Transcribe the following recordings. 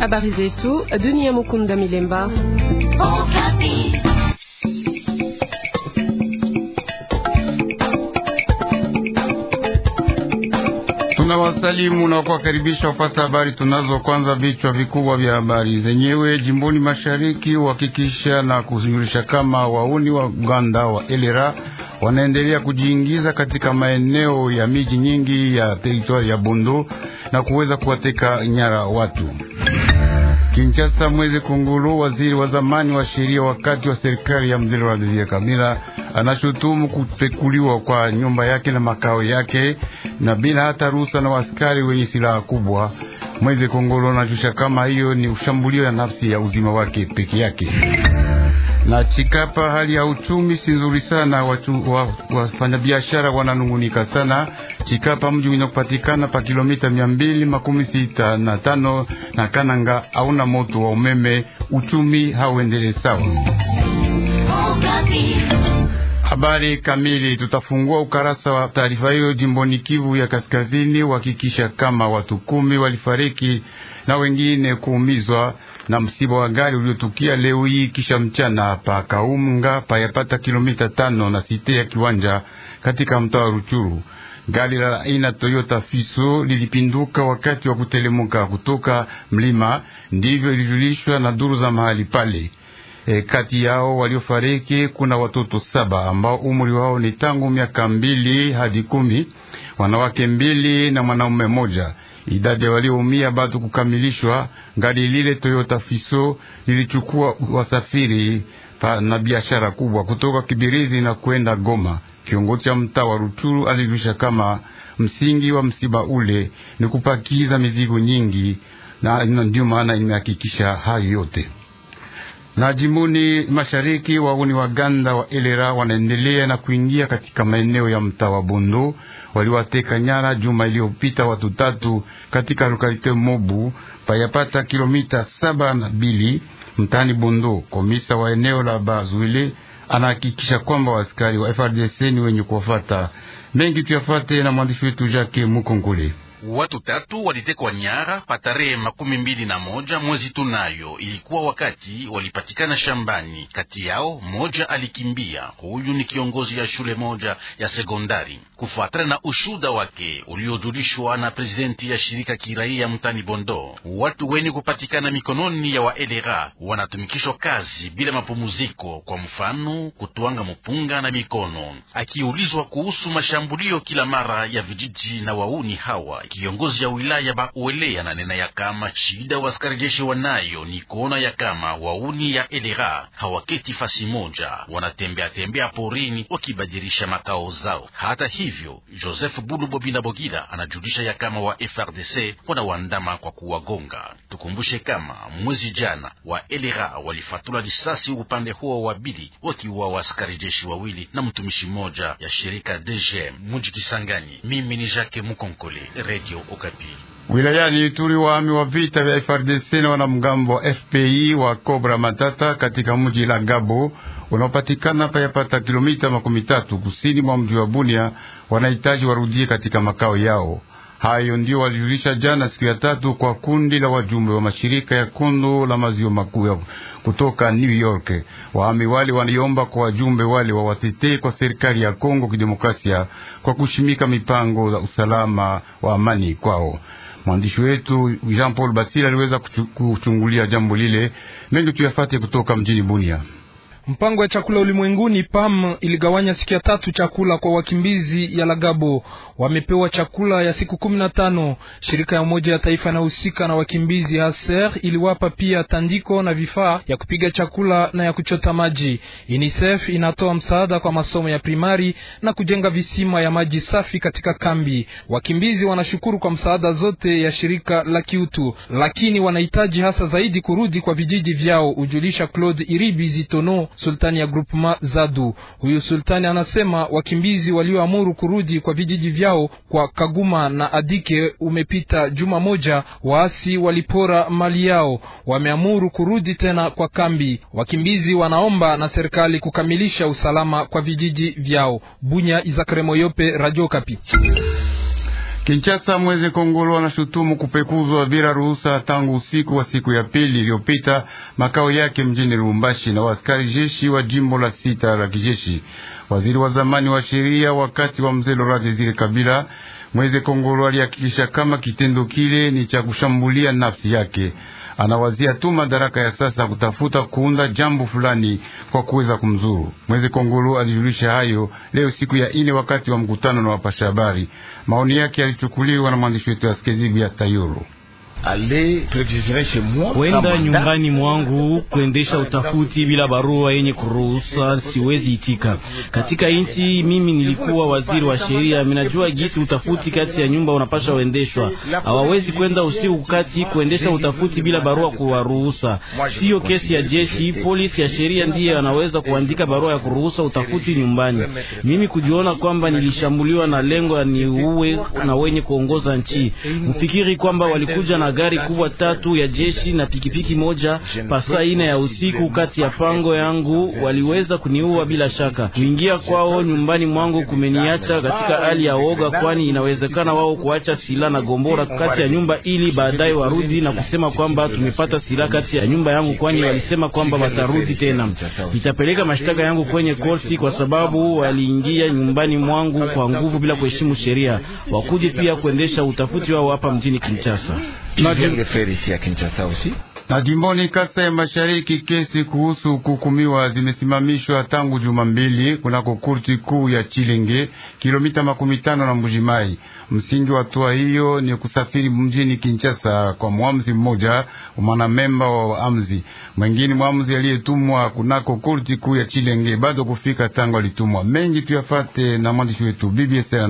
Habari zetu dunia. Mukunda Milemba. Tunawasalimu na kuwakaribisha wafata habari. Tunazo kwanza vichwa vikubwa vya habari zenyewe. Jimboni mashariki uhakikisha na kujulisha kama wauni wa Uganda wa elera wanaendelea kujiingiza katika maeneo ya miji nyingi ya teritwari ya Bondo na kuweza kuwateka nyara watu. Kinshasa, mwezi Kungulu, waziri wa zamani wa sheria wakati wa serikali ya mzee Laziye Kamila anashutumu kupekuliwa kwa nyumba yake na makao yake na bila hata ruhusa na waaskari wenye silaha kubwa. Mwezi Kongolo anajusha kama hiyo ni ushambulio ya nafsi ya uzima wake peke yake na Chikapa hali ya uchumi si nzuri sana, wafanyabiashara wa, wa, wananungunika sana. Chikapa mji wenye kupatikana pa kilomita mia mbili makumi sita na tano na Kananga hauna moto wa umeme, uchumi hauendele sawa. Habari kamili tutafungua ukarasa wa taarifa hiyo. Jimboni Kivu ya Kaskazini, uhakikisha kama watu kumi walifariki na wengine kuumizwa na msiba wa gari uliotukia leo hii kisha mchana pa Kaumga payapata kilomita tano na site ya kiwanja katika mtaa wa Ruchuru. Gari la aina Toyota Fiso lilipinduka wakati wa kutelemuka kutoka mlima, ndivyo ilijulishwa na duru za mahali pale. E, kati yao waliofariki kuna watoto saba ambao umri wao ni tangu miaka mbili hadi kumi, wanawake mbili na mwanaume mmoja. Idadi ya walioumia bado kukamilishwa. Gari lile Toyota Fiso lilichukua wasafiri pa na biashara kubwa kutoka Kibirizi na kwenda Goma. Kiongozi cha mtaa wa Rutshuru alijulisha kama msingi wa msiba ule ni kupakiza mizigo nyingi, na ndio maana imehakikisha hayo yote na jimuni mashariki wauni Waganda wa elera wanaendelea na kuingia katika maeneo ya mtaa wa Bondo waliwateka nyara juma iliyopita watu tatu katika lokalite Mobu payapata kilomita saba na mbili mtani Bondo. Komisa wa eneo la Bazwile anahakikisha kwamba waaskari wa FRDC ni wenye kuwafata mengi. Tuyafate na mwandishi wetu Jacques Mukongole. Watu tatu walitekwa nyara pa tarehe makumi mbili na moja mwezi tunayo, ilikuwa wakati walipatikana shambani. Kati yao moja alikimbia. Huyu ni kiongozi ya shule moja ya sekondari. Kufuatana na ushuda wake uliojulishwa na presidenti ya shirika kiraia mtani Bondo, watu wenye kupatikana mikononi ya waelera wanatumikishwa kazi bila mapumuziko, kwa mfano kutwanga mupunga na mikono. Akiulizwa kuhusu mashambulio kila mara ya vijiji na wauni hawa Kiongozi ya wilaya Bauele ananena ya kama shida askari jeshi wanayo ni kuona ya kama wauni ya edera hawaketi fasi moja, wanatembea tembea porini wakibadilisha makao zao. Hata hivyo, Joseph Bulu Bogida anajulisha ya kama wa FRDC wanawaandama kwa kuwagonga. Tukumbushe kama mwezi jana wa elira walifatula risasi upande huo wa bili wakiwa waskari jeshi wawili na mtumishi mmoja ya shirika DGM muji Kisangani. Mimi ni Jacques Mukonkole, Radio Okapi. Wilayani Ituri, waami wa vita vya FRDC na wanamgambo wa FPI wa Cobra Matata katika mji la Gabo unaopatikana payapata kilomita makumi tatu kusini mwa mji wa Bunia wanahitaji warudie katika makao yao. Hayo ndio walijulisha jana siku ya tatu kwa kundi la wajumbe wa mashirika ya kondo la maziwa makuu kutoka New York. waami wale waliomba kwa wajumbe wale wawatetee kwa serikali ya Kongo kidemokrasia kwa kushimika mipango za usalama wa amani kwao. Mwandishi wetu Jean Paul Basile aliweza kuchungulia jambo lile, mengi tuyafate kutoka mjini Bunia. Mpango ya chakula ulimwenguni PAM iligawanya siku ya tatu chakula kwa wakimbizi ya Lagabo. Wamepewa chakula ya siku kumi na tano. Shirika ya Umoja ya Taifa inayohusika na wakimbizi HCR iliwapa pia tandiko na vifaa ya kupiga chakula na ya kuchota maji. UNICEF inatoa msaada kwa masomo ya primari na kujenga visima ya maji safi katika kambi. Wakimbizi wanashukuru kwa msaada zote ya shirika la kiutu, lakini wanahitaji hasa zaidi kurudi kwa vijiji vyao, ujulisha Claude Iribi Zitono sultani ya groupema Zadu. Huyu sultani anasema wakimbizi walioamuru kurudi kwa vijiji vyao kwa Kaguma na Adike, umepita juma moja, waasi walipora mali yao, wameamuru kurudi tena kwa kambi. Wakimbizi wanaomba na serikali kukamilisha usalama kwa vijiji vyao. Bunya, Izakare Moyope, Radio Kapi. Kinshasa, mwezi Kongolo anashutumu kupekuzwa bila ruhusa tangu usiku wa siku ya pili iliyopita makao yake mjini Lubumbashi na askari jeshi wa jimbo la sita la kijeshi. Waziri wa zamani wa sheria wakati wa mzee Laurent Desire Kabila mwezi Kongolo alihakikisha kama kitendo kile ni cha kushambulia nafsi yake anawazia tu madaraka ya sasa kutafuta kuunda jambo fulani kwa kuweza kumzuru mwezi. Kongolo alijulisha hayo leo siku ya ine wakati wa mkutano na wapasha habari. Maoni yake yalichukuliwa na mwandishi wetu Askezibia Tayuru kwenda nyumbani mwangu kuendesha utafuti bila barua yenye kuruhusa, siwezi itika. Katika nchi mimi nilikuwa waziri wa sheria, minajua gisi utafuti kati ya nyumba unapasha uendeshwa. Hawawezi kwenda usiku kati kuendesha utafuti bila barua kuwaruhusa. Siyo kesi ya jeshi, polisi ya sheria ndiye anaweza kuandika barua ya kuruhusa utafuti nyumbani. Mimi kujiona kwamba nilishambuliwa na lengo ya niuwe na wenye kuongoza nchi, mfikiri kwamba walikuja na magari kubwa tatu ya jeshi na pikipiki moja pasaa ine ya usiku kati ya pango yangu, waliweza kuniua bila shaka. Kuingia kwao nyumbani mwangu kumeniacha katika hali ya woga, kwani inawezekana wao kuacha silaha na gombora kati ya nyumba ili baadaye warudi na kusema kwamba tumepata silaha kati ya nyumba yangu, kwani walisema kwamba watarudi tena. Nitapeleka mashtaka yangu kwenye korti kwa sababu waliingia nyumbani mwangu kwa nguvu bila kuheshimu sheria. Wakuje pia kuendesha utafuti wao hapa mjini Kinshasa na jimboni Kasa ya Mashariki, kesi kuhusu kukumiwa zimesimamishwa tangu juma mbili kunako kurti kuu ya Chilenge, kilomita makumi tano na Mbujimai. Msingi wa hatua hiyo ni kusafiri mjini Kinshasa kwa mwamzi mmoja memba wa mwengini mwengine, mwamuzi aliyetumwa kunako kurti kuu ya Chilenge bado kufika tangu alitumwa. Mengi tuyafate na mwandishi wetu Bibi Esther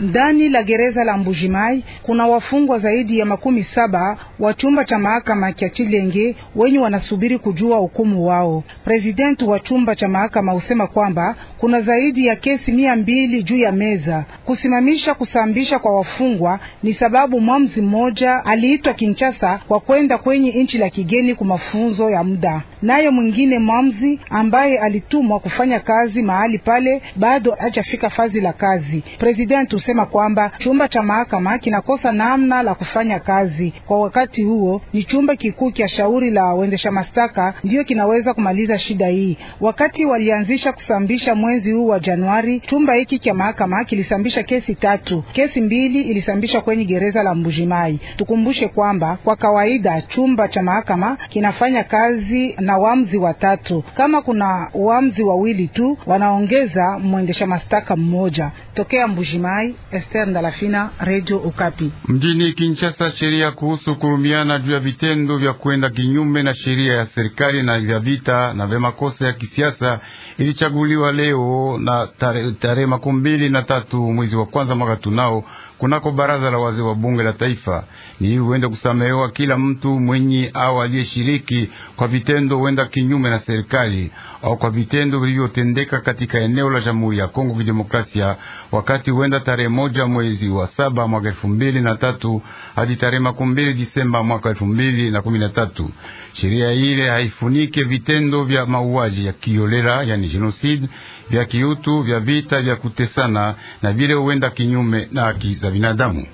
ndani la gereza la Mbujimai kuna wafungwa zaidi ya makumi saba wa chumba cha mahakama cha Chilenge wenye wanasubiri kujua hukumu wao. President wa chumba cha mahakama husema kwamba kuna zaidi ya kesi mia mbili juu ya meza. Kusimamisha kusambisha kwa wafungwa ni sababu mwamzi mmoja aliitwa kinchasa kwa kwenda kwenye nchi la kigeni kwa mafunzo ya muda, naye mwingine mwamzi ambaye alitumwa kufanya kazi mahali pale bado hajafika fazi la kazi. President kusema kwamba chumba cha mahakama kinakosa namna la kufanya kazi kwa wakati huo. Ni chumba kikuu cha shauri la waendesha mashtaka ndiyo kinaweza kumaliza shida hii. Wakati walianzisha kusambisha mwezi huu wa Januari, chumba hiki cha mahakama kilisambisha kesi tatu. Kesi mbili ilisambishwa kwenye gereza la Mbujimai. Tukumbushe kwamba kwa kawaida chumba cha mahakama kinafanya kazi na wamzi watatu. Kama kuna wamzi wawili tu, wanaongeza mwendesha mashtaka mmoja tokea Mbujimai. Esther Ndalafina, Radio Okapi. Mjini Kinshasa, sheria kuhusu kurumiana juu ya vitendo vya kwenda kinyume na sheria ya serikali na vya vita na vya makosa ya kisiasa ilichaguliwa leo na tarehe tare makumi mbili na tatu mwezi wa kwanza mwaka tunao kunako baraza la wazee wa bunge la taifa. Ni huenda kusamehewa kila mtu mwenye au aliyeshiriki kwa vitendo huenda kinyume na serikali au kwa vitendo vilivyotendeka katika eneo la Jamhuri ya Kongo Kidemokrasia, wakati huenda tarehe moja mwezi wa saba mwaka elfu mbili na tatu hadi tarehe makumi mbili Disemba mwaka elfu mbili na kumi na tatu. Sheria ile haifunike vitendo vya mauaji ya kiolela, yani genocide vya kiutu vya vita vya kutesana na vile huenda kinyume na haki za binadamu.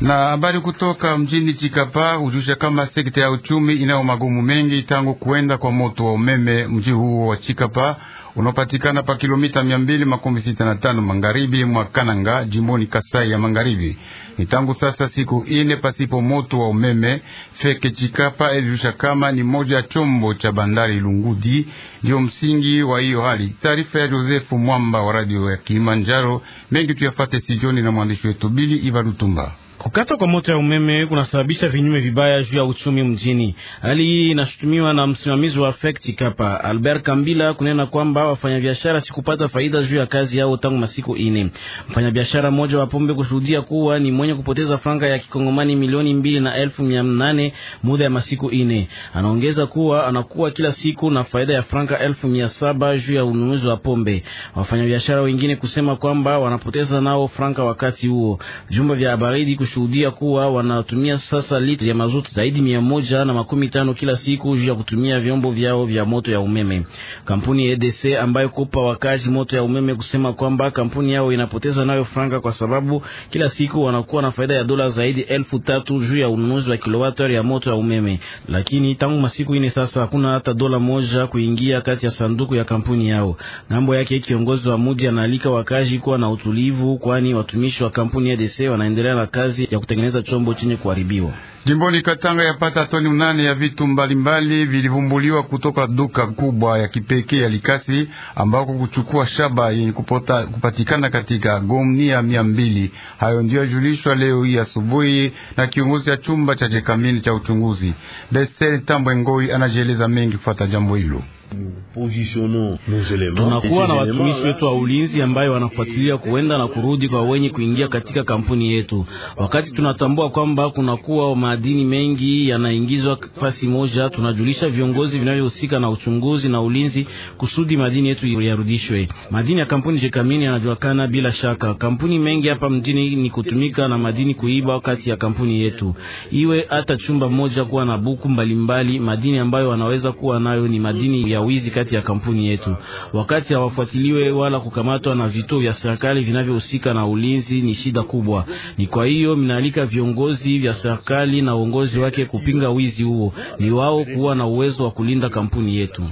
Na habari kutoka mjini Chikapa hujusha kama sekta ya uchumi inayo magumu mengi tangu kuenda kwa moto wa umeme mji huo wa Chikapa unaopatikana pa kilomita 265 magharibi mwa Kananga jimboni Kasai ya Magharibi. Ni tangu sasa siku ine pasipo moto wa umeme. Feke Chikapa elirusha kama ni moja ya chombo cha bandari Lungudi ndio msingi wa hiyo hali. Taarifa ya Josefu Mwamba wa radio ya Kilimanjaro. Mengi tuyafate sijoni na mwandishi wetu Bili Ivalutumba. Kukata kwa moto ya umeme kunasababisha vinyume vibaya juu ya uchumi mjini. Hali hii inashutumiwa na msimamizi wa Afekti Kapa Albert Kambila kunena kwamba wafanyabiashara sikupata faida juu ya kazi yao tangu masiku ine. Mfanyabiashara mmoja wa pombe kushuhudia kuwa ni mwenye kupoteza franga ya kikongomani milioni mbili na elfu mia nane muda ya masiku ine. Anaongeza kuwa anakuwa kila siku na faida ya franga elfu mia saba juu ya ununuzi wa pombe. Wafanyabiashara wengine kusema kwamba wanapoteza nao franga wakati huo. Vyumba vya baridi kushuhudia kuwa wanatumia sasa litri ya mazuti zaidi mia moja na makumi tano kila siku juu ya kutumia vyombo vyao vya moto ya umeme. Kampuni EDC ambayo kupa wakazi moto ya umeme kusema kwamba kampuni yao inapoteza nayo franga kwa sababu kila siku wanakuwa na faida ya dola zaidi elfu tatu juu ya ununuzi wa kilowati ya moto ya umeme, lakini tangu masiku ine sasa hakuna hata dola moja kuingia kati ya sanduku ya kampuni yao. Ngambo yake kiongozi wa muji analika wakazi kuwa na utulivu, kwani watumishi wa kampuni EDC wanaendelea na kazi kazi ya kutengeneza chombo chenye kuharibiwa. Jimboni Katanga yapata toni unane ya vitu mbalimbali vilivumbuliwa kutoka duka kubwa ya kipekee ya Likasi ambako kuchukua shaba yenye kupota, kupatikana katika gomnia mia mbili. Hayo ndiyo yajulishwa leo hii asubuhi na kiongozi cha chumba cha Jekamini cha uchunguzi Desel Tambwe Ngoi, anajieleza mengi kufuata jambo hilo tunakuwa na watumishi wetu wa ulinzi ambayo wanafuatilia kuenda na kurudi kwa wenye kuingia katika kampuni yetu. Wakati tunatambua kwamba kunakuwa madini mengi yanaingizwa fasi moja, tunajulisha viongozi vinavyohusika na uchunguzi na ulinzi kusudi madini yetu yarudishwe. Madini ya kampuni Jekamini yanajulikana bila shaka. Kampuni mengi hapa mjini ni kutumika na madini kuiba kati ya kampuni yetu, iwe hata chumba moja kuwa na buku mbalimbali. Madini ambayo wanaweza kuwa nayo ni madini ya ya wizi kati ya kampuni yetu, wakati hawafuatiliwe wala kukamatwa na vituo vya serikali vinavyohusika na ulinzi, ni shida kubwa. Ni kwa hiyo minaalika viongozi vya serikali na uongozi wake kupinga wizi huo, ni wao kuwa na uwezo wa kulinda kampuni yetu.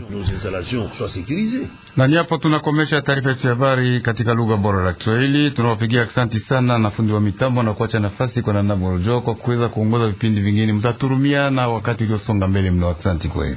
Na hapo tunakomesha taarifa yetu ya habari katika lugha bora la Kiswahili. Tunawapigia asanti sana na fundi wa mitambo na kuacha nafasi kwa Nana Morojo kwa kuweza kuongoza vipindi vingine. Mtaturumia na wakati uliosonga mbele mno. Asanti kweli.